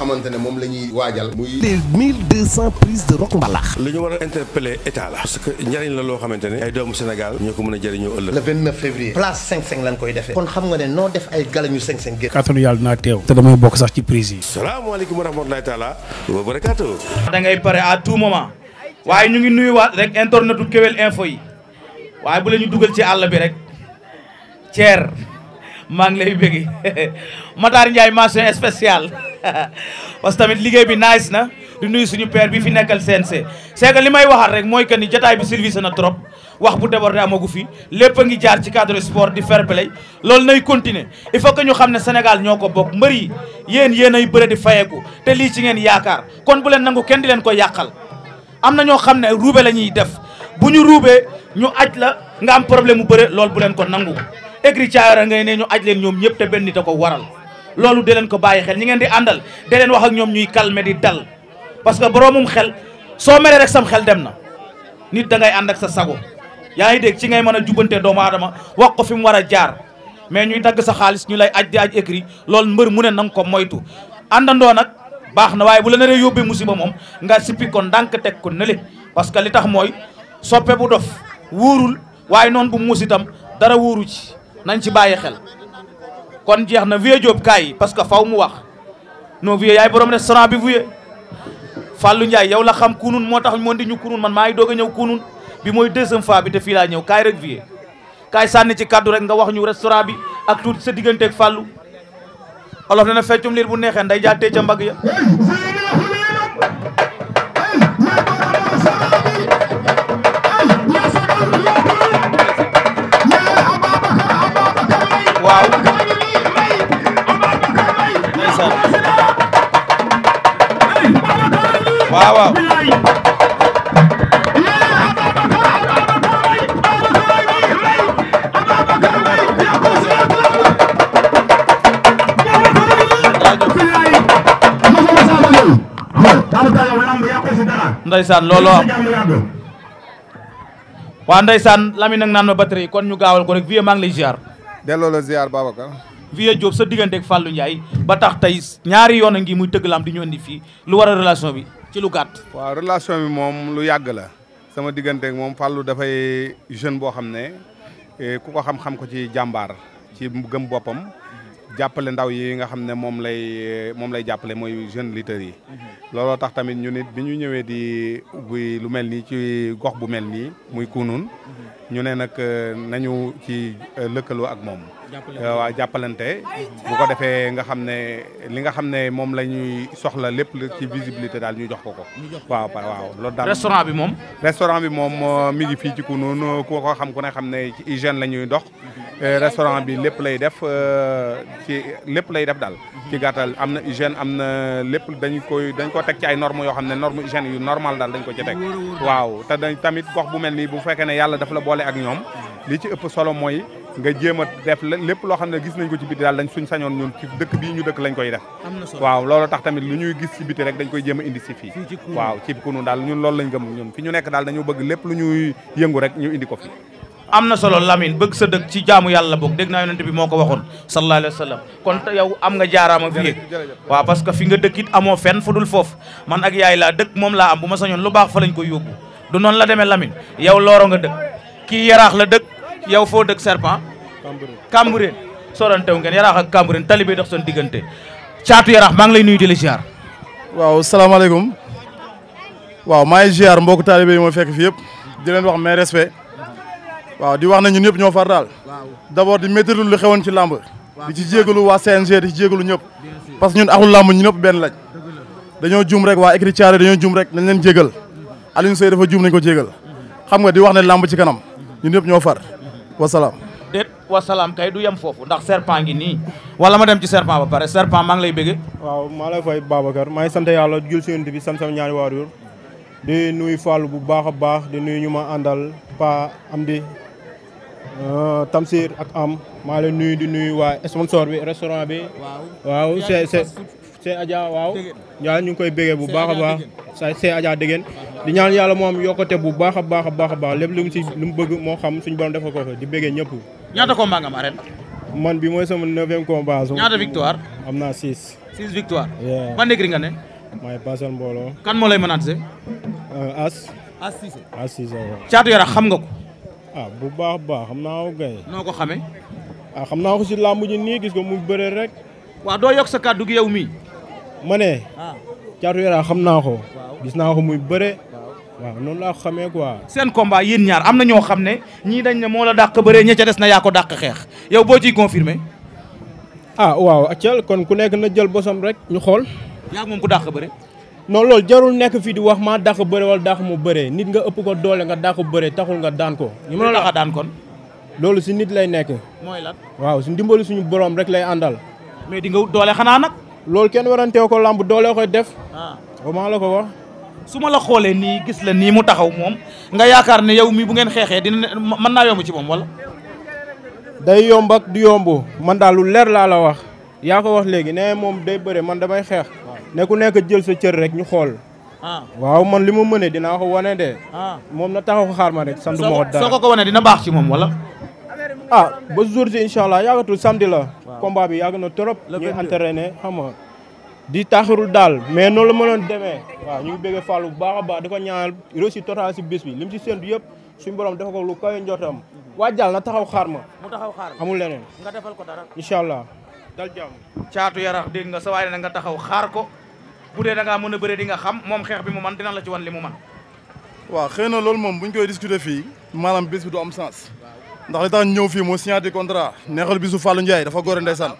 xamante ne moom la ñuy waajal. muy les mille deux cent de rock mbalax. lu ñu war a interpeller état la. parce que njëriñ la loo xamante ne. ay doomu Sénégal ñoo ko mën a jëriñoo ëllëg. le vingt neuf février. place cinq cinq lañ koy defee. kon xam nga ne noo def ay galañu cinq cinq géej. kàttanu yàlla dinaa teew. te damay bokk sax ci prise yi. salaamaaleykum wa rahmatulahi taala wa barakaatu. da pare à tout moment waaye ñu ngi nuyuwaat rek internetu Kewel Info yi waaye bu la ñu dugal ci àll bi rek ceer maa ngi lay bëgg Matar Ndiaye mention spéciale parce que tamit liggéey bi nice na di nuyu suñu père bi fi nekkal CNC c'est que li may waxaat rek mooy que ni jotaay bi service na trop wax bu débordé amagu fi lépp a ngi jaar ci cadre sport di fair play loolu nay continuer il faut que ñu xam ne senegal ñoo ko bokk mbër yi yéen yéen ay bëre di fayeeku te lii ci ngeen yaakaar kon bu leen nangu kenn di leen ko yàqal am na ñoo xam ne ruube la ñuy def bu ñu ruubee ñu aj la nga am problème mu bëre loolu bu leen ko nangu écrit caayara ngay nee ñu aj leen ñoom ñëpp te benn nit ko waral loolu de leen ko bàyyi xel ñi ngeen di àndal de leen ak ñoom ñuy calmer di dal parce que boroomum xel soo meree rek sam xel dem na nit da ngay ànd ak sa sago yaa ngi dégg ci ngay mën a jubante doomu aadama wax ko fi mu war a jaar mais ñuy dagg sa xaalis ñu lay aj di aj écrit loolu mbër mu ne na nga ko moytu àndandoo nag baax na waaye bu la naree yóbbee musiba moom nga sippi ko ndànk teg ko nële parce que li tax mooy soppe bu dof wóorul waaye noonu bu muus itam dara wóoru ci nañ ci bàyyi xel kon jeex na vieux Diop kaay parce que faw mu wax non vieux yaay borom restaurant bi vieux Fallou Ndiaye yow la xam kunun moo tax moo di ñu kunun man maa ngi doog a ñëw kunun bi mooy deuxième fois bi te fii laa ñëw kaay rek vieux kaay sànni ci kaddu rek nga wax ñu restaurant bi ak tuuti sa digganteeg Fallou olof ne na feccum liir bu neexee nday jaatee ca mbagg ya waaw waaw Ndeysaan looloo am waa Ndeysaan Lamine nag naan ma batterie kon ñu gaawal ko rek vieux maa ngi lay ziar. delloo la ziar Babacar. vieux Diop sa digganteeg Fallou Ndiaye ba tax tey ñaari yoon a ngi muy tëgg lam di ñu indi fii lu war a relation bi. ci lu gàtt. waaw relation bi moom lu yàgg la sama digganteeg moom lu defay jeune boo xam ne eh, ku ko xam-xam ko ci jàmbaar ci gëm boppam. jàppale ndaw yi nga xam ne moom lay moom lay jàppale mooy jeune lutteurs mhm. looloo tax tamit ñu nit bi ñu ñëwee di ubbi lu mel nii ci gox bu mel nii muy kunun mhm. ñu ne nag euh, nañu ci euh, lëkkaloo ak moom. Euh, waaw jàppalante bu ko defee nga xam ne li nga xam ne moom la ñuy soxla lépp ci visibilité daal ñu jox ko ko. waaw waaw loolu daal restaurant bi moom. mi ngi ci kunun ku ko xam ku ne xam ne ci hygiène la ñuy dox. Mhm. Euh, restaurant bi lépp lay def euh, ci lépp lay def daal. ci gàttal am na hygiène am na lépp dañ koy dañ ko teg ci ay normes yoo xam ne norme hygiène yu normal daal dañ ko ci waaw te dañ gox bu mel nii bu fekkee ne yàlla dafa la boole ñoom. li ci ëpp solo mooy nga jéem a def lépp loo xam ne gis nañ ko ci biti daal dañ suñ sañoon ñun ci dëkk bii ñu dëkk lañ koy def. waaw loolu tax tamit lu ñuy gis ci biti rek dañ koy jéem a indi si fii. waaw ci kunu daal ñun loolu lañ gëm ñun fi ñu nekk daal dañu bëgg lépp lu ñuy yëngu rek ñu indi ko fi am na solo Lamine bëgg sa dëkk ci jaamu yàlla boog dégg naa yonent bi moo ko waxoon sallallahu alayhi wa sallam kon yow am nga jaaraama fi yéeg waaw parce que fi nga dëkk it amoo fenn fu dul foofu man ak yaay laa dëkk moom laa am bu ma sañoon lu baax fa lañ koy yóbbu du noonu la demee Lamine yow looro nga dëkk kii yaraax la dëkk yow foo dëkk serpent Cambérène sorantew ngeen yaraax ak Cambérène tali bi dox seen diggante caatu yaraax maa ngi lay nuyu di la ziar waaw salaamaaleykum waaw ma fekk fi yëpp di leen wax mes respect waaw di wax ne ñun ñëpp ñoo far daal. d' abord di méttiirlu lu xewoon ci làmb. di ci jégalu waa CNG di ci jégalu ñëpp. parce que ñun axul làmb ñu ñëpp benn lañ. dañoo juum rek waa écrit caare dañoo juum rek nañ leen jégal Alioune Seye dafa juum nañ ko jégal xam nga di wax ne làmb ci kanam ñun ñëpp ñoo far wasalaam. déet wasalaam kay du yem foofu ndax serpent ngi nii wala ma dem ci serpent ba pare serpent maa ngi lay bëgge waaw maa lay fay Babacar maa ngi sant yàlla jul si bi sam sam ñaari waajur di nuyu Fallou bu baax a baax di nuyu ñu ma àndal Pa Amdi Euh, Tamsir ak Am maa leen nuyu di nuyu waa sponsor bi restaurant bi. waaw c'est c'est c'est Adja waaw. ñu ngi koy bégee bu baax a baax. sa c'est Adja Degen. di ñaan yàlla moom am bu baax a baax a baax a baax lépp lu mu si lu mu bëgg moo xam suñu borom defal ko fa di bégee ñëpp. ñaata combat nga am arène. man bi mooy sama neuvième combat. ñaata victoire. am naa six. six victoire. ban ne. maay Passane Mbooloo. kan moo lay menacé. Euh, As. As Cissé. As Cissé waaw. Caatu Yarax xam nga ko. ah bu baax baax xam naa ko gay noo ko xamee. ah xam naa ko si làmb ji nii gis ko mu bëree rek. waa doo yokk sa kàddu gi yow mii. ma ne. waaw ah. caatu yaraa xam naa ko. gis naa ko muy bëre. waaw noonu laa ko xamee quoi. seen combat yéen ñaar am na ñoo xam ne ñii dañ ne moo la dàq bëree ña ca des na yaa ko dàq xeex yow boo ciy confirmé. ah waaw accal kon ku nekk na jël bosam rek ñu xool. yaa moom ku dàq bëre. non loolu jarul nekk fii di wax maa dàq bëre wala dàq mu bëree nit nga ëpp ko doole nga dàq bëre taxul nga daan ko. ñu la daan loolu si nit lay nekk. mooy lan waaw su ndimbali suñu borom rek lay àndal. mais di nga wut doole xanaa nag. loolu kenn waranteew ko làmb doole koy def. Ah. waaw maa la ko wax. su ma la xoolee nii gis la nii mu taxaw moom nga yaakaar ne yow mii bu ngeen xeexee dina man naa yomb ci moom wala. day yomb ak du yomb man daal lu leer laa la wax yaa ko wax léegi nee moom day bëre man damay xeex ne ku nekk jël sa cër rek ñu xool. Ah. waaw man li ma mënee dinaa ko wane de. Ah. moom na taxaw xaar ma rek sant ma ko dara soo ko ko wane dina baax ci moom wala. a ah, ba jour ji incha allah yàggatul samedi la. combat bi yàgg na trop. ñuy entraîné xam nga di taxirul daal mais noonu la mënoon demee. waaw ñu ngi bëggee Fallou bu baax a baax di ko ñaanal réussite totale si bis bi lim si séntu yëpp suñu borom dafa ko lu kawe njottam. waajal na taxaw xaar ma. mu taxaw amul leneen. nga defal ko dara. incha allah. dal jàmm. caatu dégg nga sa waaye na nga taxaw xaar ko. bu dee da mën a bëre di nga xam moom xeex bi mu man dina la ci wan li mu man waaw xëy loolu moom bu ñu koy discuter fii maanaam bis bi du ndax li tax ñëw fii moo signé di contrat neexal bisu Fallou Ndiaye dafa gore ndeysaan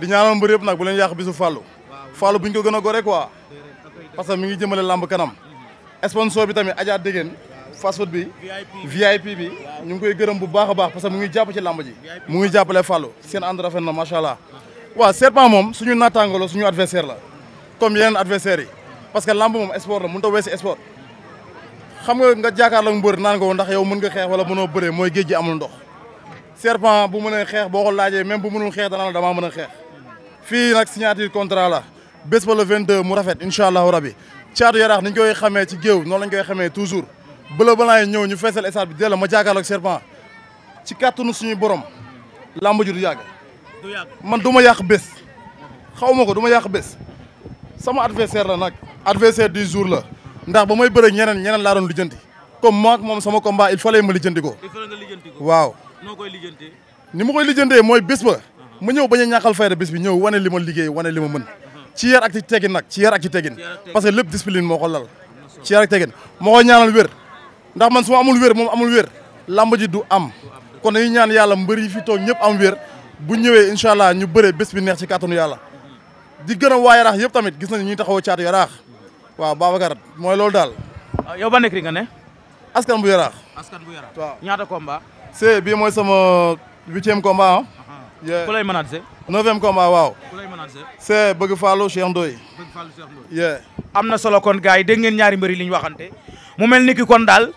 di ñaanal mbër yëpp nag bu leen yàq bisu Fallou Fallou bu ñu ko gën a gore quoi parce que mi ngi jëmale làmb kanam sponsor bi tamit Adja Dégène fast food bi VIP bi ñu ngi koy gërëm bu baax a baax parce que ngi jàpp ci làmb ji mu ngi jàppale Fallou seen ànd rafet na macha allah waaw Serpent moom suñu naataango suñu adversaire la comme yeneen adversaires yi parce que lamb moom sport la mënu ta weesi sport xam nga nga jàkkaarloo ak mbër naan ko ndax yow mën nga xeex wala mënoo bëre mooy géej gi amul ndox serpent bu mënee xeex boo ko laajee même bu mënul xeex danaa la damaa mën a xeex fii nag signature contrat la bés ba vingt 22 mu rafet incha allahu rabi caatu yaraax ni ñu koy xamee ci géew noonu lañ koy xamee toujours bëla balaa yi ñëw ñu feesal stade bi della ma jàkkaarloo ak serpent ci kàttanu suñuy borom lamb ji du yàgg man du ma yàq bés xaw ma ko du ma yàq bés sama adversaire la nag adversaire du jour la ndax ba may bëre ñeneen ñeneen laa doon lijjanti comme moi moom sama combat il fallait ma lijjanti ko. il fallait waaw. noo koy lijjantee. ni ma koy lijjantee mooy bés ba ma ñëw bañ a ñàkkal fayda bés bi ñëw wane li ma liggéey wane li ma mën ci yar ak ci teggin nag ci yar ak ci teggin parce que lépp discipline moo ko lal ci yar ak teggin moo ko ñaanal wér ndax man su amul wér moom amul wér làmb ji du am kon dañuy ñaan yàlla mbër yi fi toog ñëpp am wér bu ñëwee incha allah ñu bëree bés bi neex ci kàttanu yàlla di gërëm waa yaraax yëpp tamit gis nañu ñuy taxaw caatu yaraax waaw Babacar mooy loolu daal. Ah, yow ba nekk ri nga ne. askan bu yaraax. askan bu yaraax waaw ñaata komba c'est bii mooy sama huitième combat ah. ah, ah. ku lay manager. neuvième waaw. ku lay bëgg Fallou Cheikh Ndoye. bëgg am na solo kon gars yi dégg ngeen ñaari mbëri li ñu waxante mu mel ni ki kon daal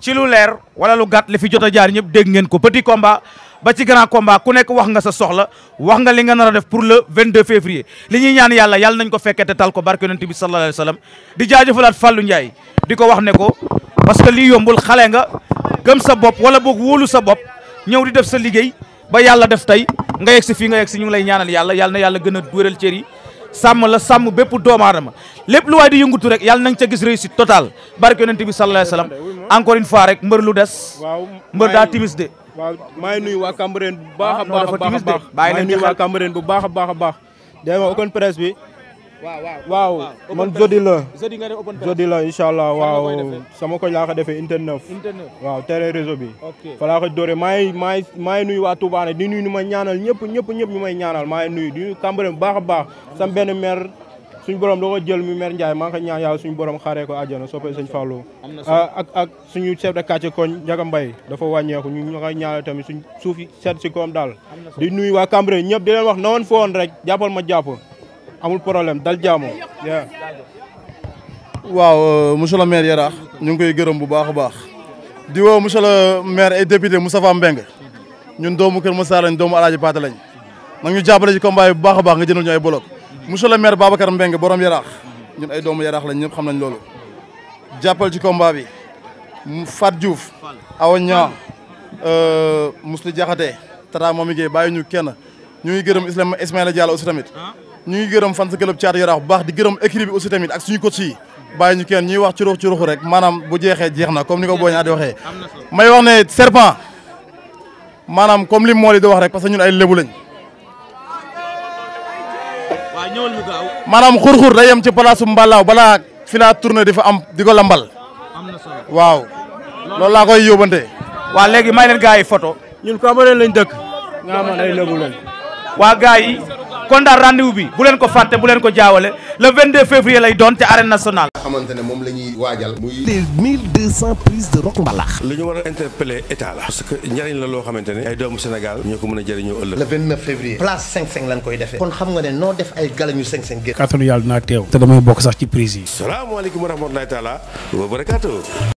ci lu leer wala lu gàtt li fi jot a jaar ñëpp dégg ngeen ko petit komba ba ci grand combat ku nekk wax nga sa soxla wax nga li nga nar a def pour le 22 février li ñuy ñaan yàlla yàlla nañ ko fekkee te tal ko barke yonent bi sallallahu alayhi wa sallam di jaajëfalaat Fallou Ndiaye di ko wax ne ko parce que lii yombul xale nga gëm sa bopp wala boog wóolu sa bopp ñëw di def sa liggéey ba yàlla def tey nga yegg si fii nga yegg si ñu ngi lay ñaanal yàlla yàlla na yàlla gën a wéral cër yi sàmm la sàmm bépp doomu aadama lépp lu waay di yëngatu rek yàlla nañ ca gis réussite totale barke yonent bi sallallahu alayhi wa sallam encore fois rek mbër lu des mbër daa timis waaw maa ngi nuyu waa ah, Cambérène bu baax a baax a baax a baax bu baax a baax a baax day ma open presse bi waaw waaw man jodi la jodi la incha allah waaw sama koñ laa ko defee internet waaw terrain réseau bi fa laa ko dóoree maa ngi maa maa ngi nuyu waa Touba di nuyu nu ma ñaanal ñëpp ñëpp ñëpp ñu may ñaanal maa ngi nuyu di nuyu Cambérène bu baax a baax sam benn maire suñu borom da ko jël mi mer Ndiaye maa ngi koy ñaan yàlla suñu borom xaaree ko àjjana soppee sëñ Fallou ah, ak suñu chef de quartier koñ Ndiaga Mbaye dafa wàññeeku ñu nga koy ñaanal tamit suñ suuf seet si koom daal di nuyu waa Cambérène ñëpp di leen wax na woon fo rek jàppal ma jàpp amul problème dal jaamu waaw euh, monsieur le maire Yarax ñu ngi koy gërëm bu baax a baax di woo monsieur le maire et député Moustapha Mbeng ñun doomu Kër Massar lañ doomu Alaaji Paate lañ nag ñu jàppale ci combat bu baax baax nga jëndal ñu ay monsieur le maire Babacar Mbengue borom yaraax ñun ay doomu yaraax lañ ñëpp xam nañ loolu jàppal ci combat bi Fat Diouf Awa Niang euh, Mousli Diakhaté Tata Mami Gueye bàyyi ñu kenn ñu ngi gërëm Islam Ismaïla Diallo aussi tamit ah. ñu ngi gërëm fan sa club Thiatou bu baax di gërëm équipe bi aussi tamit ak suñu coach yi bàyyi ñu kenn ñuy wax ci ruux ci ruux rek maanaam bu jeexee jeex na comme ni ko Boña di waxee may wax ne serpent maanaam comme li mool yi di wax rek parce que ñun ay lébu lañ maanaam xur-xur day yem ci palaasu Mballaaw balaa final tournée di fa am di ko lambal. am na solo waaw. loolu laa koy yóbbante. waa léegi may leen gars yi photo. ñun Cambérène lañ dëkk. nga xam ne ay lëbu waa gars kon daal rendez bi bu leen ko fàtte bu leen ko jaawale le 22 février lay doon ci arène nationale. xamante ne moom la ñuy waajal. muy les 1200 prises de rock mbalax. lu ñu war a interpeller état la. parce que njëriñ la loo xamante ne. ay doomu Sénégal ñoo ko mën a jëriñoo ëllëg. le 29 février. place lañ koy defee. kon xam nga ne noo def ay galañu 55 génn. kàttanu yàlla dinaa teew. te damay bokk sax ci prise yi. salaamaaleykum wa rahmatulahi taala wa barakaatu.